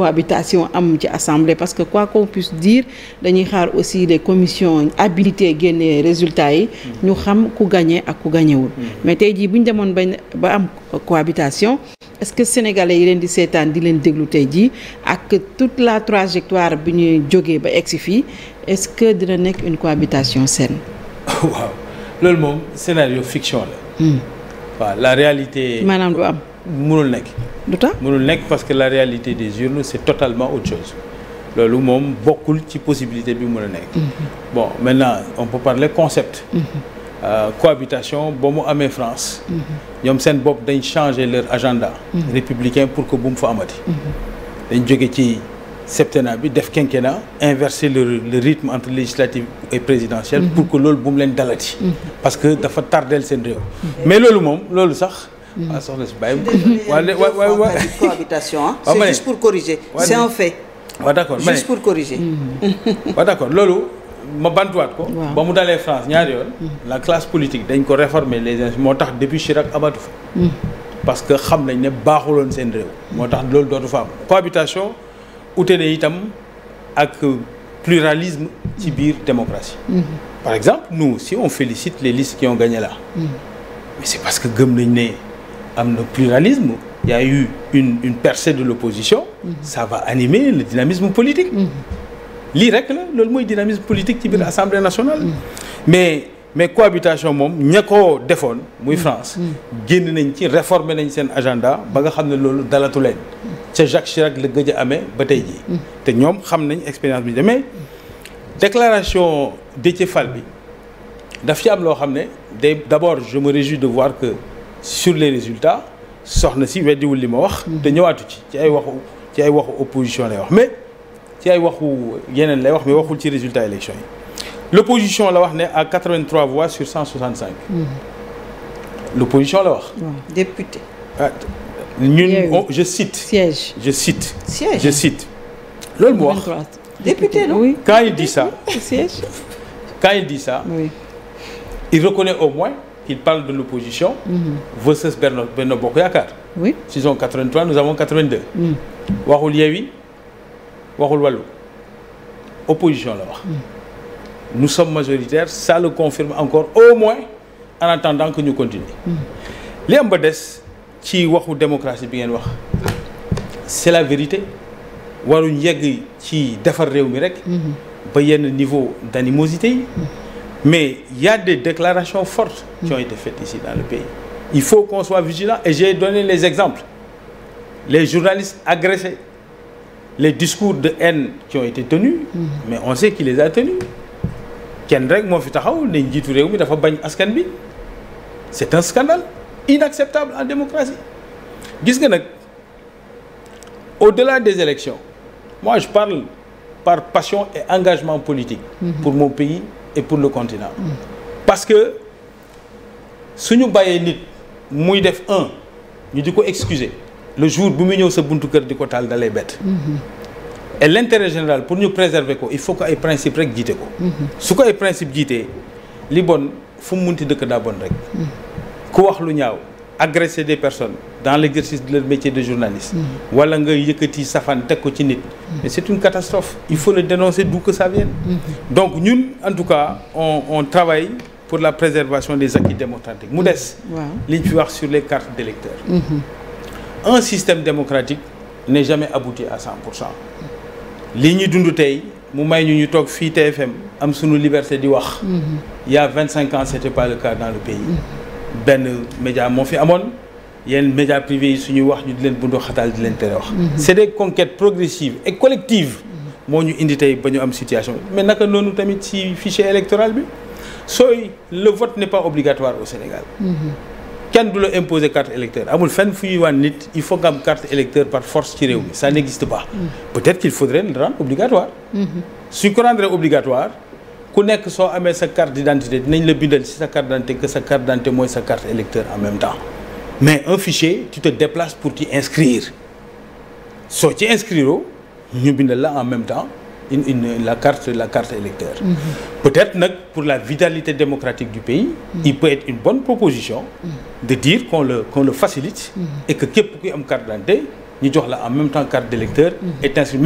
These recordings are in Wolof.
cohabitation am ci assemblée parce que quoi qu'on puisse dire dañuy xaar aussi les commissions habilitées génne résultat yi ñu xam ku gagné ak ku gagnéwul mais tey jii bu demoon bañ ba am cohabitation est-ce que sénégalais yi leen di seetaan di leen déglu tey jii ak toute la trajectoire bi ñuy jógee ba egsi fii est-ce que dina nekk une cohabitation saine waaw loolu moom scénario fiction la hmm. waaw la réalité maanaam du am mënul nekk. du tax mënul nekk parce que la réalité de urnes c'est totalement autre chose loolu moom bokkul ci possibilité bi mën a nekk. Mm-hmm. bon maintenant on peut parler concept. Mm-hmm. Euh, cohabitation ba mu amee France. Mm-hmm. ñoom seen bopp dañ changer leur agenda. républicain pour que bu mu fa amati. dañ joge ci septennat bi def quinquennat inverser le le rythme entre législative et présidentielle. pour que loolu bu mu leen dalati. parce que dafa tardeel seen réew. mais loolu moom loolu sax. waaw soxna si bàyyi. waaye waaye waaye cohabitation c'est juste pour corriger. c'est un fait. waaw d'accord juste pour corriger. waaw hmm. d'accord loolu ma bantuwaat ko. ba mu dalee France ñaari yoon. Hmm. la classe politique dañ ko réformer les institutions moo tax depuis Chirac abatu fa. Hmm. parce que xam nañ ne baaxuloon seen réew. moo tax loolu dootu fa am cohabitation ute itam ak pluralisme ci biir démocratie. par exemple nou si on félicite les listes qui ont gagné là. mais c'est que gëm nañ ne. am na pluralisme il eu une une de l'opposition mhm. ça va animer le dynamisme politique mhm. lii rek la loolu mooy dynamisme politique ci biir mhm. assemblée nationale mais mais cohabitation moom ña ko defoon muy France génn nañ ci réformer nañ seen agenda ba nga xam ne loolu dalatu leen ca Jacques Chirac la gëj a amee ba tey jii te ñoom xam nañ expérience bi demee déclaration Déthié Fall bi daf ci am loo xam ne day d'abord me réjouis de voir sur les résultats soxna si weddiwul li ma wax. te ñëwaatu ci ci ay waxu ci ay waxu opposition lay wax mais ci ay waxu yeneen lay wax mais waxul ci résultat élection yi. l'opposition la wax ne à 83 voix sur 165. Mm-hmm. l'opposition la wax. député. Ah, ñun je cite. siège je cite. siège je cite. loolu wax député non oui. quand il dit ça. siège. quand il dit ça. il reconnaît au moins. il parle de l'opposition mhm. versus Benno Benno Bokk Yaakaar oui s'ils ont 83 nous avons 82 mhm. waxul Yewwi waxul Wallu opposition la wax mhm. nous sommes majoritaires ça le confirme encore au moins en attendant que ñu continue li am ba des ci waxu démocratie bi ngeen wax c'est la vérité waruñ yegg ci defar réew mi rek ba yenn niveau d'animosité yi Mais il y a des déclarations fortes qui ont été faites ici dans le pays. Il faut qu'on soit vigilant et j'ai donné les exemples. Les journalistes agressés, les discours de haine qui ont été tenus, mm-hmm. mais on sait qui les a tenus. kenn rek moo fi taxaw ne njiitu réew mi dafa bañ askan bi c'est un scandale inacceptable en démocratie gis nga nag au-delà des élections moi je parle par passion et engagement politique mm-hmm. pour mon pays pour le continent. parce que suñu bàyyee nit muy def un ñu di ko excuser le jour bu mu ñëw sa buntu kër di ko taal dalay bett. Mm-hmm. et l' intérêt général pour ñu préserver ko il faut que ay principe rek jiite ko. Mm-hmm. su ko ay principe jiitee li bon fu mu munti dëkk daa bon rek. Mm-hmm. ku wax lu ñaaw. agresser des personnes dans l'exercice de leur métier de journaliste mm. wala nga yëkkati safaan teg ko ci nit mm. mais c'est une catastrophe il faut le dénoncer d'où que ça vienne mm-hmm. donc ñun en tout cas on on travaille pour la préservation des acquis démocratiques mu des mm. li ñu fi wax sur les cartes d'électeurs mm-hmm. un système démocratique n'est jamais abouti à cent pour cent li ñu dund tey mu may ñu ñu toog fii TFM am sunu liberté di wax ya mm-hmm. y a vingt cinq ans c'était pas le cas dans le pays benn média moo fi amoon yenn média privé yi suñuy wax ñu di leen bundoo xataal di leen tere wax. Mhm. c'est des conquêtes progressives et collective mhm. moo ñu indi tey ba ñu am situation mais naka noonu tamit ci fichier électoral bi sooy le vote n'est pas obligatoire au Sénégal. Mhm. kenn du la imposer carte électeur amul fenn fu ñuy wan nit il faut nga am carte électeur par force ci réew mi ça n'existe pas. peut-être qu'il faudrait le rendre obligatoire. suñ ko rendre ku nekk soo amee sa carte d'identité dinañ la bindal ci sa carte d'identité que sa carte d'identité mooy sa carte électeur en même temps mais un fichier tu te déplaces pour t'y inscrire soo ci inscrire ñu bindal la en même temps une une la carte la carte électeur mm -hmm. peut-être nag pour la vitalité démocratique du pays. Mm -hmm. il peut être une bonne proposition. Mm-hmm. de dire qu'on le qu'on le facilite. Mm-hmm. et que képp kuy am carte d'identité ñu jox la en même temps carte d'électeur mm-hmm. et ainsi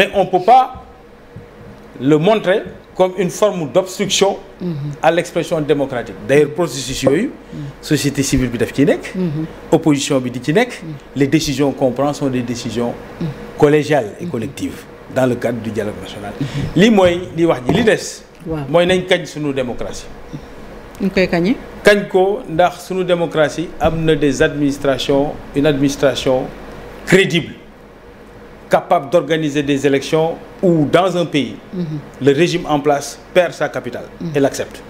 le montrer comme une forme d'obstruction à l'expression démocratique d'ailleurs processus yooyu société civile bi daf ci nekk opposition bi di ci nekk les décisions qu'on prend des décisions collégiales et collectives dans le cadre du dialogue national li mooy li wax ji li des mooy nañ kañ suñu démocratie ñu koy kañ ko ndax suñu démocratie am na des administrations une administration crédible capable d'organiser des élections où dans un pays, mhm. le régime en place perd sa capitale mhm. et l'accepte.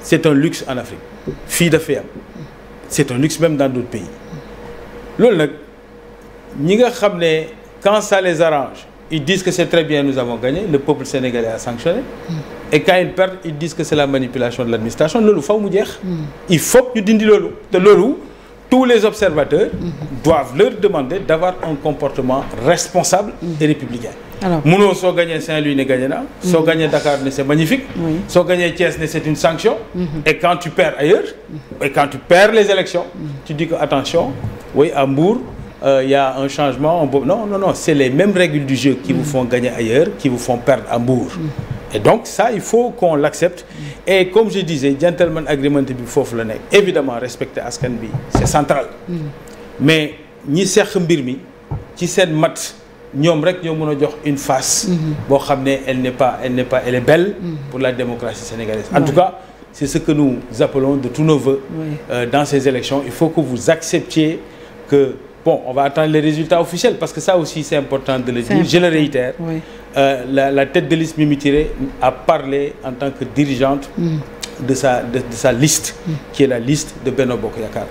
C'est un luxe en Afrique. fii dafay am c'est un luxe même dans d'autres pays loolu nag ñi nga xam ne quand ça les arrange ils disent que c'est très bien nous avons gagné le peuple sénégalais a sanctionné mhm. et quand ils perdent ils disent que c'est la manipulation de l'administration loolu faw mu jeex il faut que ñu dindi loolu te tous les observateurs doivent leur demander d'avoir un comportement responsable et républicain mënoo soo gañee Saint-Louis ne gañe naa soo gañee mm-hmm. Dakar ne c'est magnifique soo gañee Thiès ne c'est une sanction mm-hmm. et quand tu perds ailleurs mm-hmm. et quand tu perds les élections tu dis que attention oui à Mbour euh, a un changement non non non c'est les mêmes règles du jeu qui vous font gagner ailleurs qui vous font perdre à et donc ça il faut qu'on l'accepte et comme je disais gentleman agreement bi foofu la nekk évidemment respecter askan bi c'est mm. mais ñi seq mbir mi ci seen mat ñoom rek ñoo mën a jox une face mm-hmm. boo xam ne elle n'est pas elle n'est mm. la démocratie sénégalaise en tout cas c'est ce que nous appelons de tous nos vœux euh, dans ces élections il faut que vous acceptiez que Bon, on va attendre les résultats officiels parce que ça aussi c'est important de le dire. Important. Je le réitère. Euh, la, la, tête de liste Mimi Touré a parlé en tant que dirigeante mm. de sa de, de liste mm. qui est la liste de Benno Bokk Yaakaar.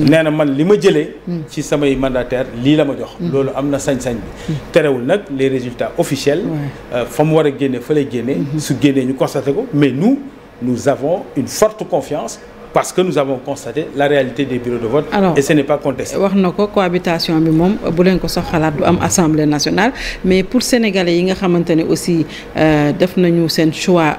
nee na man li ma jëlee. Mm. ci samay mandataire lii la ma jox. Mm. loolu am na sañ-sañ bi. terewul nag les résultats officiels. Euh, fa mu war a génne fa lay génne. Mm-hmm. su génnee ñu constaté ko mais nous nous avons une forte confiance. parce que nous avons constaté la réalité des bureaux de vote. Alors, et ce n'est pas contesté. wax na ko cohabitation bi moom bu leen ko sax xalaat du am assemblée nationale mais pour sénégalais yi nga xamante ne aussi euh, def nañu seen choix.